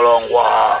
kulongwa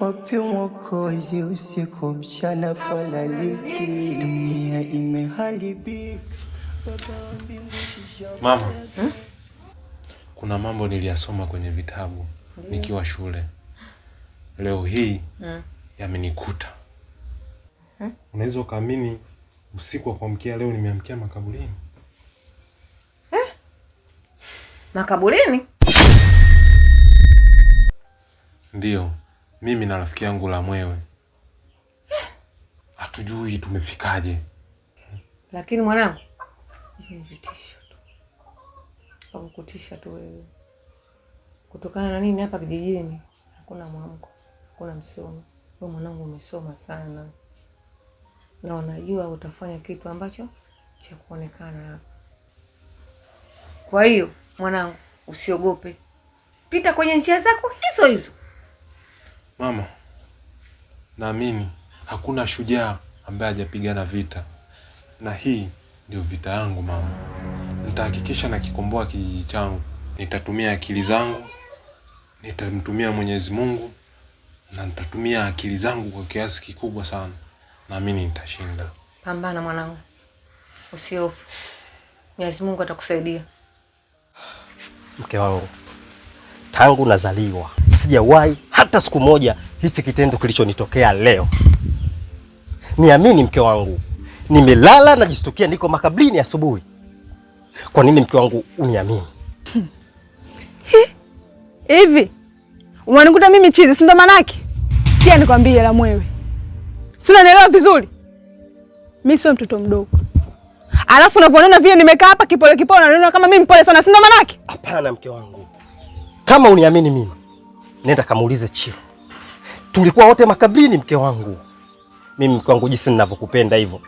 wape Mwokozi usiku mchana palaliki, dunia imeharibika. Mama, hmm? Kuna mambo niliyasoma kwenye vitabu hmm, nikiwa shule leo hii hmm, yamenikuta hmm. Unaweza ukaamini usiku wa kuamkia leo nimeamkia makaburini eh? Makaburini ndiyo mimi na rafiki yangu Lamwewe hatujui tumefikaje, lakini mwanangu, hivi ni vitisho tu, wakukutisha tu wewe. Kutokana na nini? Hapa kijijini hakuna mwamko, hakuna msomo. Wewe mwanangu umesoma sana na unajua utafanya kitu ambacho cha kuonekana hapa. Kwa hiyo mwanangu, usiogope, pita kwenye njia zako hizo hizo. Mama, naamini hakuna shujaa ambaye hajapigana vita, na hii ndio vita yangu mama. Nitahakikisha nakikomboa kijiji changu, nitatumia akili zangu, nitamtumia Mwenyezi Mungu na nitatumia akili zangu kwa kiasi kikubwa sana. Naamini nitashinda. Pambana mwanangu, usiofu Mwenyezi Mungu atakusaidia. Mke wangu, tangu nazaliwa Sijawahi hata siku moja hichi kitendo kilichonitokea leo. Niamini mke wangu, nimelala najishtukia niko makablini asubuhi. Kwa nini mke wangu uniamini? Hivi unanikuta mimi chizi, si ndo yake? Sikia nikwambie la mwewe, si unanielewa vizuri, Mimi sio mtoto mdogo. Alafu unavyoniona vile nimekaa hapa kipole kipole, unaniona kama mimi mpole sana, si ndo manake? Hapana mke wangu, kama uniamini mimi nenda kamuulize Chilo. Tulikuwa wote makabrini, mke wangu. Mimi mke wangu, jinsi ninavyokupenda hivyo,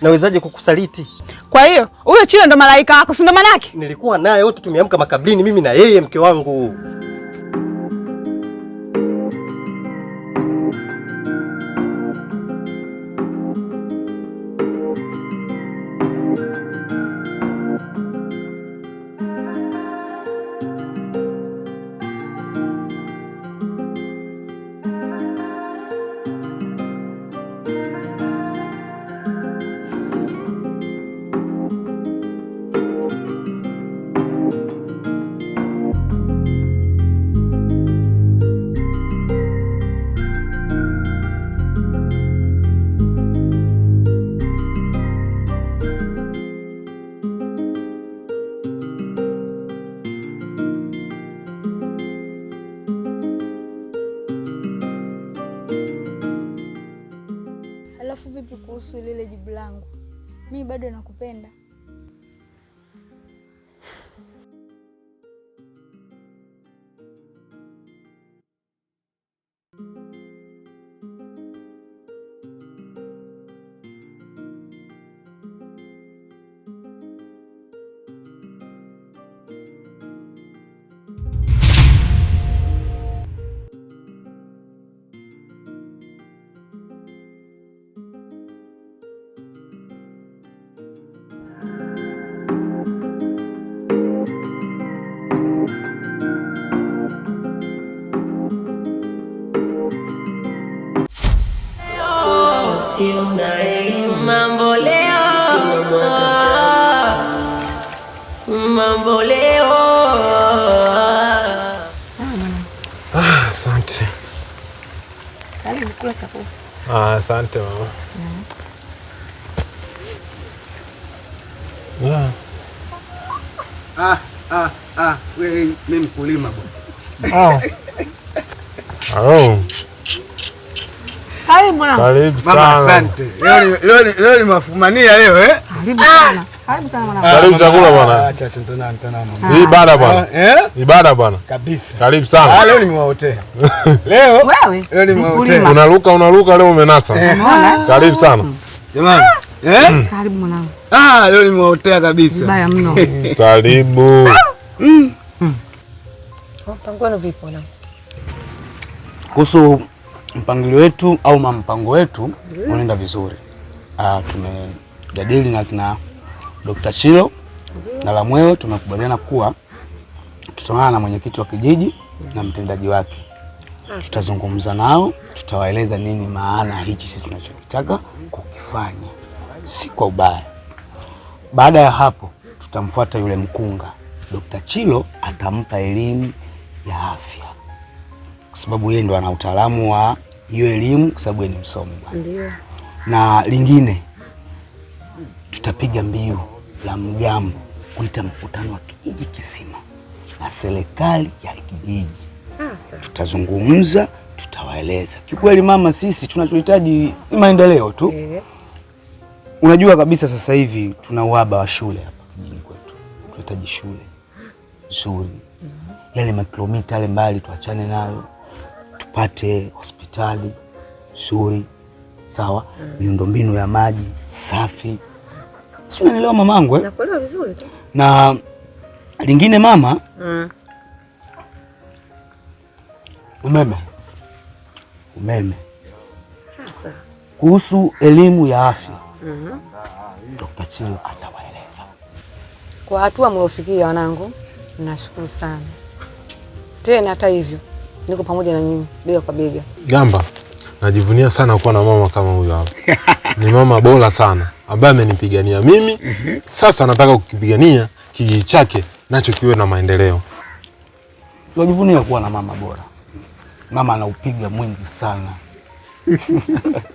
nawezaje kukusaliti? Kwa hiyo huyo Chilo ndo malaika wako, si ndo? Manake nilikuwa naye wote tumeamka makabrini, mimi na yeye, mke wangu. Alafu vipi kuhusu lile jibu langu? Mimi bado nakupenda. kula chakula. Ah, asante mama. Mm. Yeah. Ah, ah, ah, wewe ni mkulima bwana. Ah. Oh. Hai oh. mwanangu. Karibu sana. Mama asante. Leo leo leo ni mafumania leo eh? Karibu sana. Ah. Karibu chakula bwana. ibada ah, bwana. Eh? Ibada bwana. Kabisa. Karibu sana. Ah, leo nimewaotea. Leo? Wewe? Leo nimewaotea. Unaruka unaruka leo umenasa. Eh. Karibu sana. Jamani. Ah. Eh? Karibu mwanangu. Ah, leo nimewaotea kabisa. mno. Karibu. Mm. Mm. Mpango wenu vipi Kuhusu mpangilio wetu au mpango wetu mm. unaenda vizuri. Ah, tumejadili na kina Dr. Chilo na mwewe tumekubaliana kuwa tutaonana na mwenyekiti wa kijiji na mtendaji wake, tutazungumza nao, tutawaeleza nini maana hichi sisi tunachokitaka kukifanya, si kwa ubaya. Baada ya hapo, tutamfuata yule mkunga. Dr. Chilo atampa elimu ya afya, kwa sababu yeye ndo ana utaalamu wa hiyo elimu, kwa sababu yeye ni msomi bwana. Na lingine tutapiga mbiu la mgambo kuita mkutano wa kijiji kisima na serikali ya kijiji. Sasa tutazungumza, tutawaeleza kikweli. Mama, sisi tunachohitaji ni maendeleo tu eh. Unajua kabisa sasa hivi tuna uhaba wa shule hapa kijijini kwetu, tunahitaji shule nzuri mm -hmm. Yale makilomita yale mbali tuachane nayo, tupate hospitali nzuri sawa, mm. miundombinu mm -hmm. ya maji safi si unanielewa mamangu eh? Nakuelewa vizuri tu. Na lingine mama, mm. umeme umeme, sasa kuhusu elimu ya afya mm -hmm. Dr. Chilo atawaeleza kwa hatua mliofikia. Wanangu, nashukuru sana tena. Hata hivyo niko pamoja na nyinyi bega kwa bega. Gamba, najivunia sana kuwa na mama kama huyo hapa. Ni mama bora sana ambaye amenipigania mimi. Sasa nataka kukipigania kijiji chake nacho kiwe na maendeleo. Unajivunia kuwa na mama bora. Mama anaupiga mwingi sana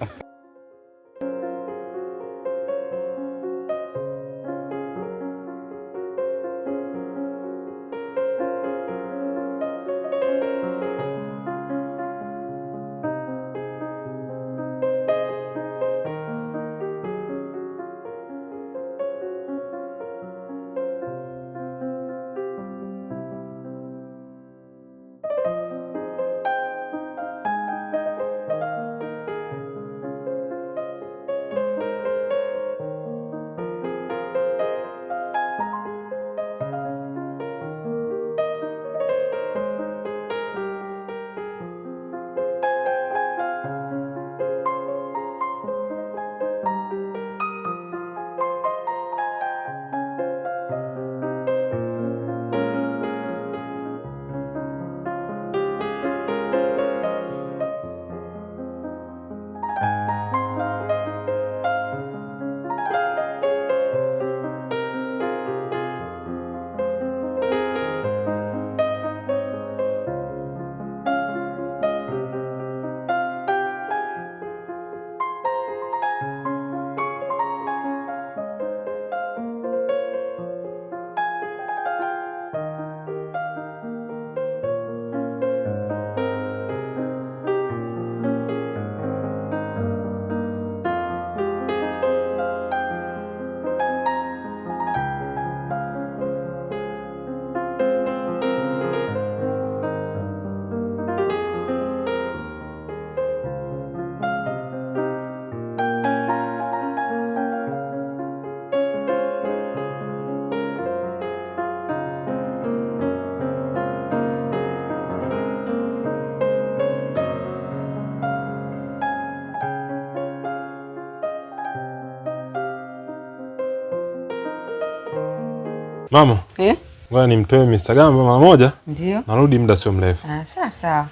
Mama, eh? Ngoja nimtoe Mr. Gamba mara moja. Ndio. Narudi muda sio mrefu. Ah, sawa sawa.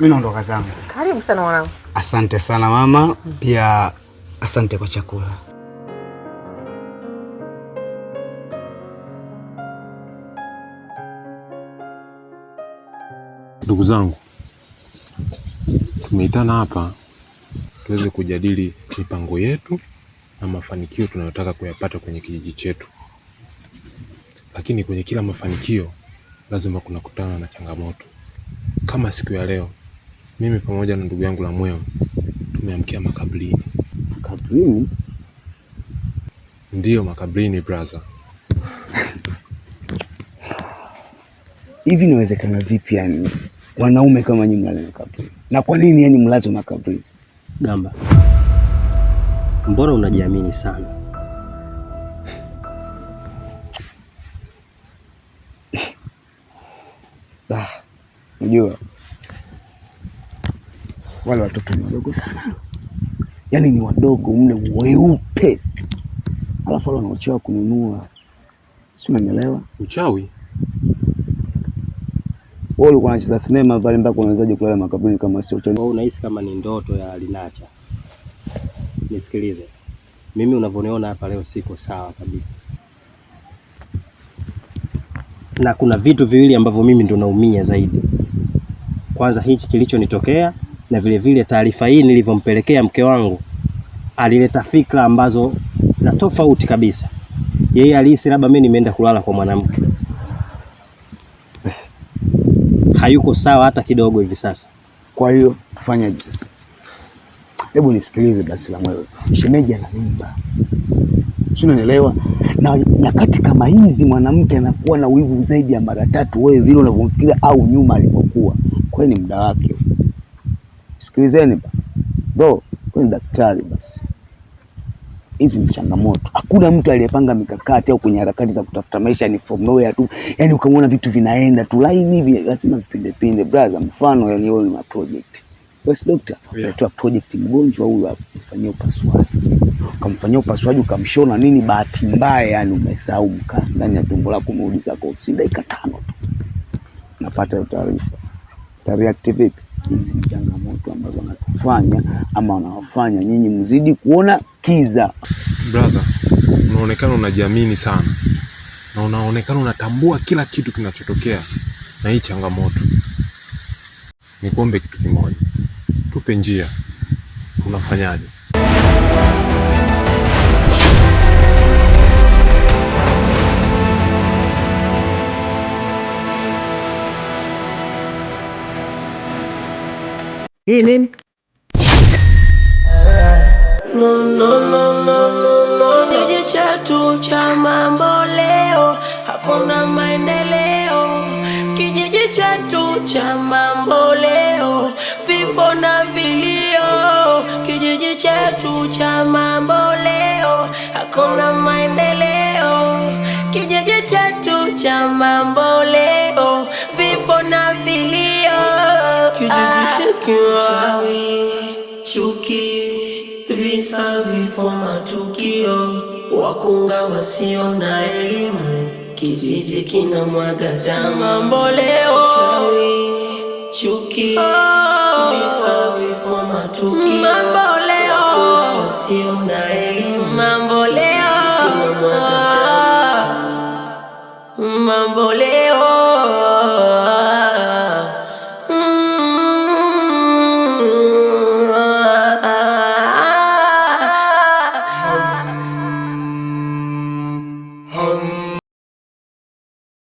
Mimi naondoka zangu. Karibu sana mwanangu. Asante sana mama, pia asante kwa chakula. Ndugu zangu, tumeitana hapa tuweze kujadili mipango yetu na mafanikio tunayotaka kuyapata kwenye kijiji chetu. Lakini kwenye kila mafanikio lazima kunakutana na changamoto. Kama siku ya leo mimi pamoja na ndugu yangu la mweo tumeamkia makaburini. Makaburini? Ndiyo, makaburini brother. Hivi inawezekana vipi? Yani wanaume kama nyinyi mlale makaburi, na kwa nini yani mlazo makaburi? Gamba, mbona unajiamini sana? Unajua wale watoto ni wadogo sana, yaani ni wadogo mle weupe, alafu wale wanaochewa kununua, si unanielewa? Uchawi wao, ulikuwa unacheza sinema pale mpaka unawezaje kulala makabuni kama sio uchawi? Wao unahisi kama ni ndoto ya Linacha. Nisikilize mimi, unavyoniona hapa leo siko sawa kabisa, na kuna vitu viwili ambavyo mimi ndo naumia zaidi kwanza hichi kilichonitokea, na vilevile taarifa hii nilivyompelekea mke wangu, alileta fikra ambazo za tofauti kabisa. Yeye alihisi labda mimi nimeenda kulala kwa mwanamke. Hayuko sawa hata kidogo hivi sasa. Kwa hiyo tufanyaje sasa? Hebu nisikilize basi la mwewe, shemeji ana mimba, si unanielewa? Na nyakati kama hizi mwanamke anakuwa na wivu zaidi ya mara tatu wewe vile unavyomfikiria au nyuma alivyokuwa kwani muda wake. Sikilizeni ba do kwani daktari basi. Hizi ni changamoto. Hakuna mtu aliyepanga mikakati au kwenye harakati za kutafuta maisha ni from nowhere tu, yani ukamwona vitu vinaenda tu laini hivi, lazima pinde brother. Mfano yani wewe ni ma project basi, dokta unatoa project, mgonjwa huyu hapo upasuaji ukamfanyia upasuaji ukamshona nini, bahati mbaya yani umesahau mkasi ndani ya tumbo lako, umeuliza kwa dakika tano tu, napata taarifa. Tutareact hizi changamoto ambazo wanatufanya ama wanawafanya nyinyi mzidi kuona kiza. Brother, unaonekana unajiamini sana na unaonekana unatambua kila kitu kinachotokea na hii changamoto. Nikuombe kitu kimoja, tupe njia, unafanyaje? Hii nini? No, no, no, no, no, no. Kijiji chetu cha mambo leo hakuna maendeleo, kijiji chetu cha mambo mafanikio, wakunga wasio na elimu, kijiji kina mwaga damu, mboleo, chawi, chuki, visa, oh. vifo, matukio, wakunga wasio na elimu, mamboleo, ah. mamboleo